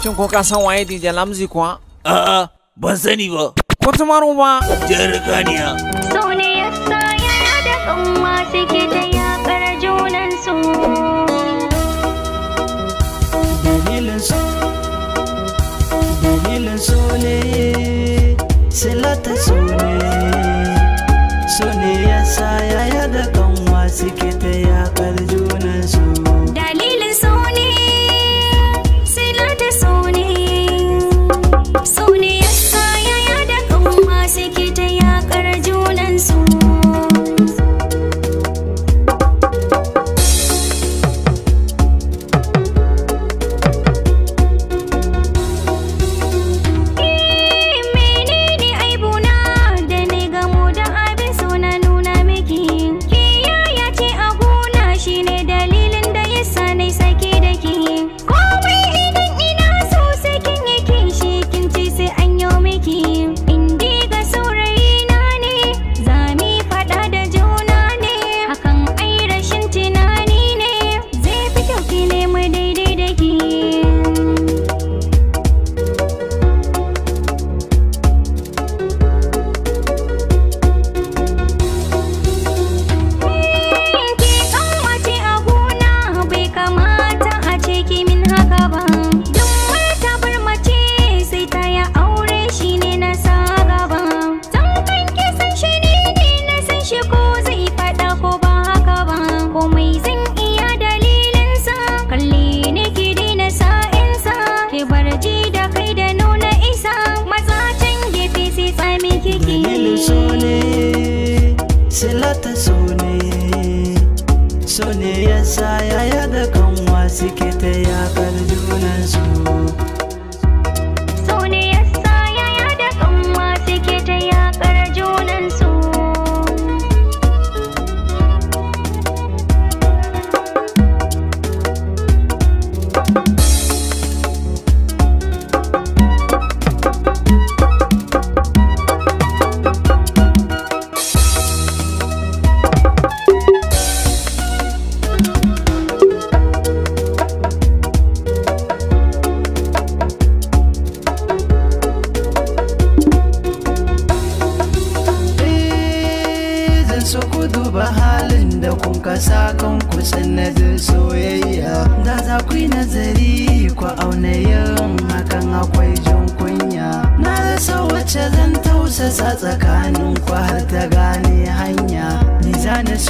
Shin ko ka san waye DJ Lamzi kuwa? A'a, ban sani ba. Ko tumaro ba? Jar ganiya. Sau ya sa yaya da kanwa suke ta yakar junansu. Dalilin so, dalilin so ne, silata so ne. ne ya sa yaya da ta सोने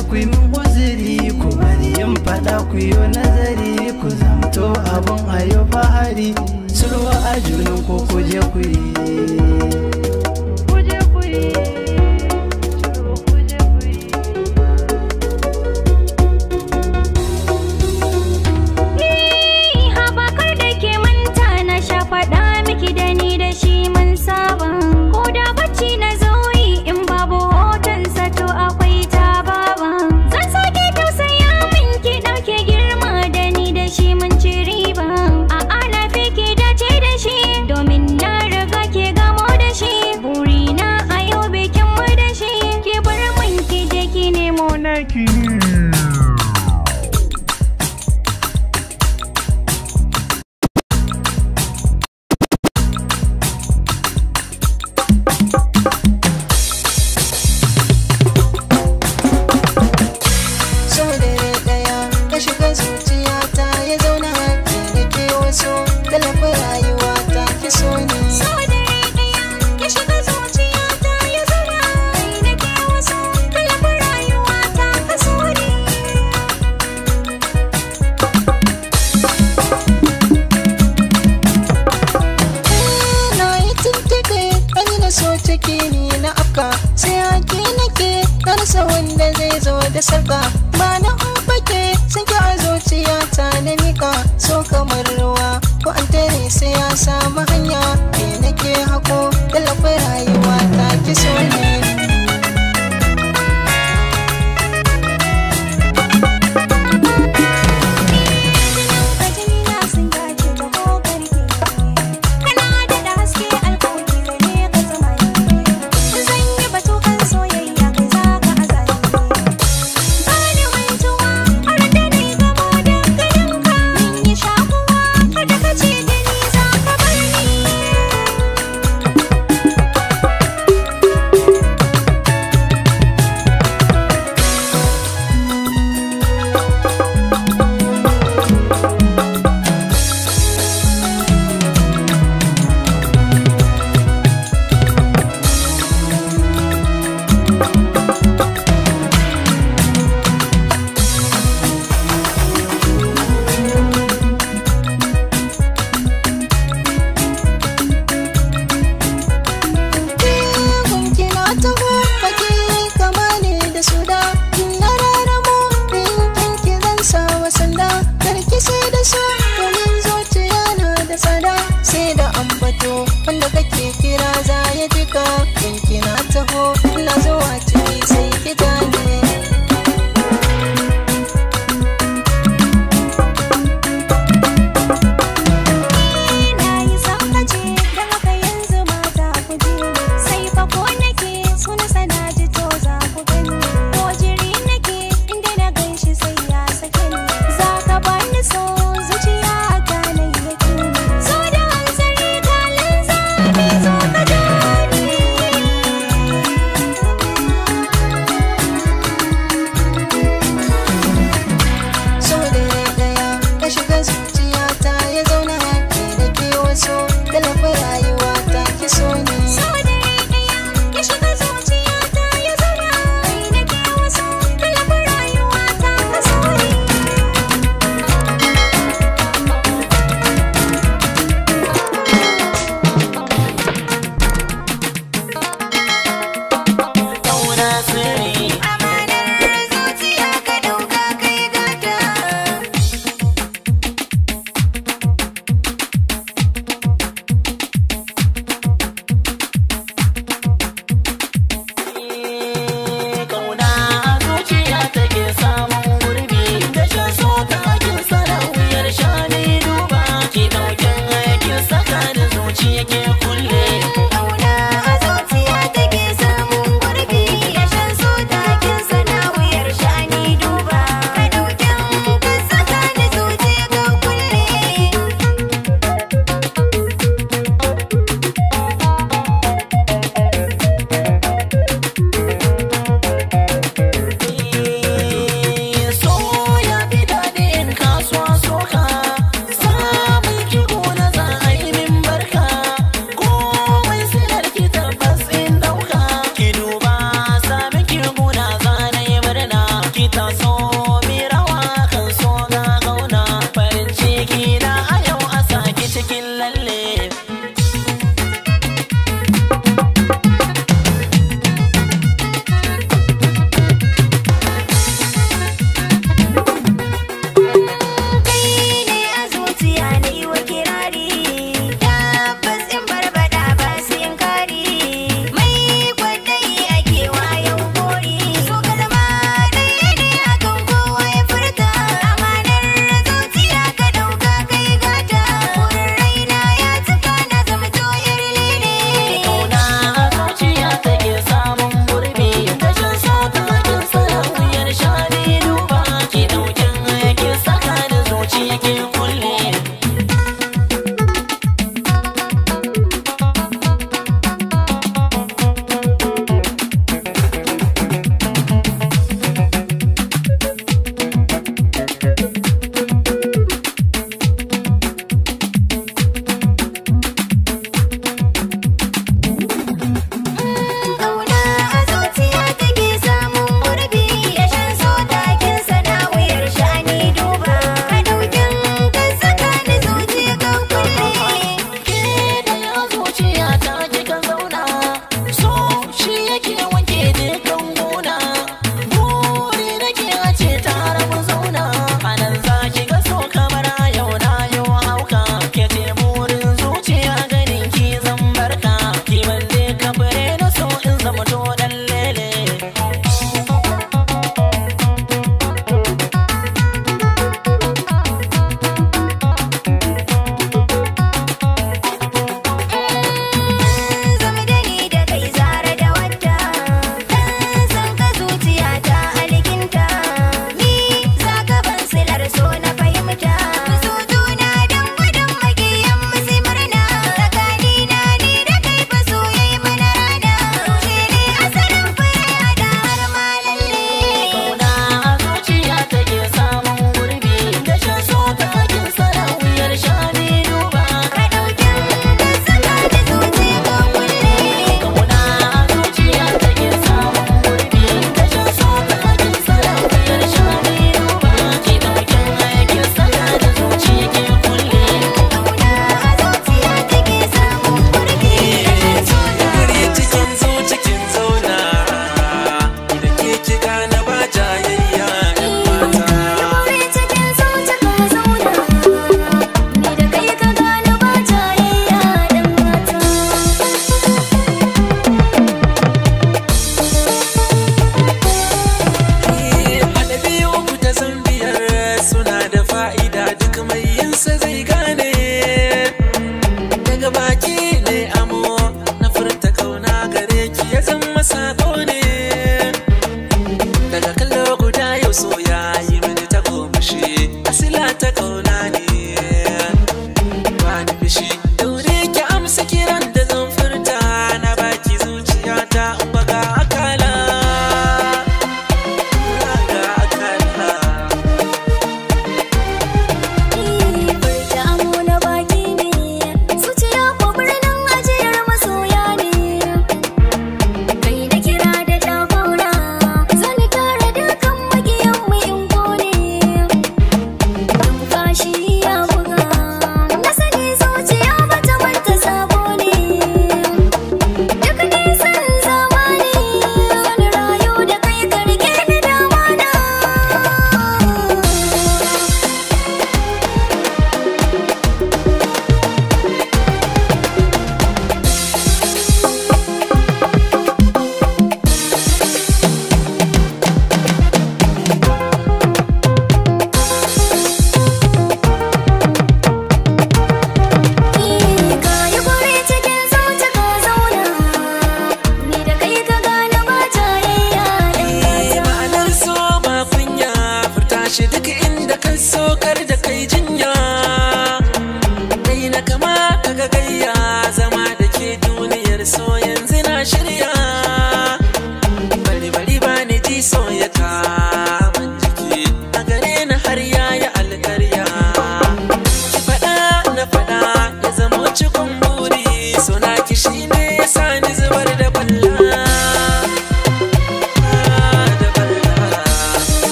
ku yi min uzuri ku bari yin faɗa ku yi nazari ku zamto abun ayo fahari sulwa a junan ko ku je ku yi ciki ni na afka sai na nake karsa wanda zai zo da sarka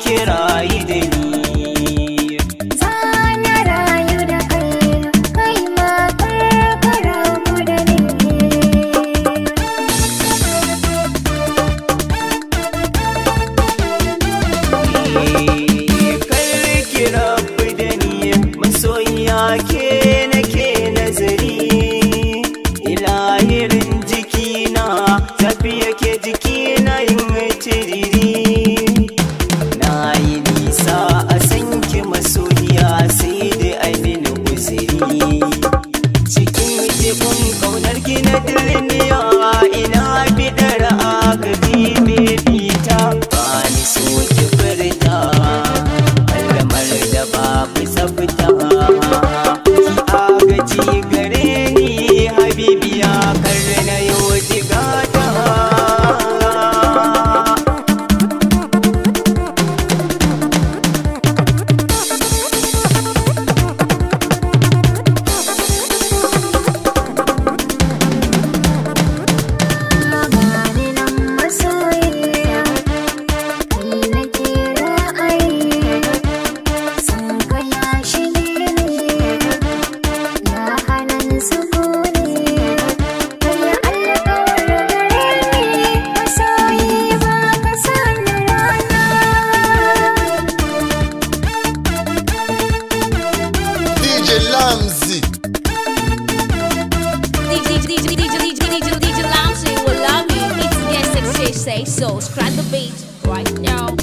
kirayi da ni so scratch the beat right now.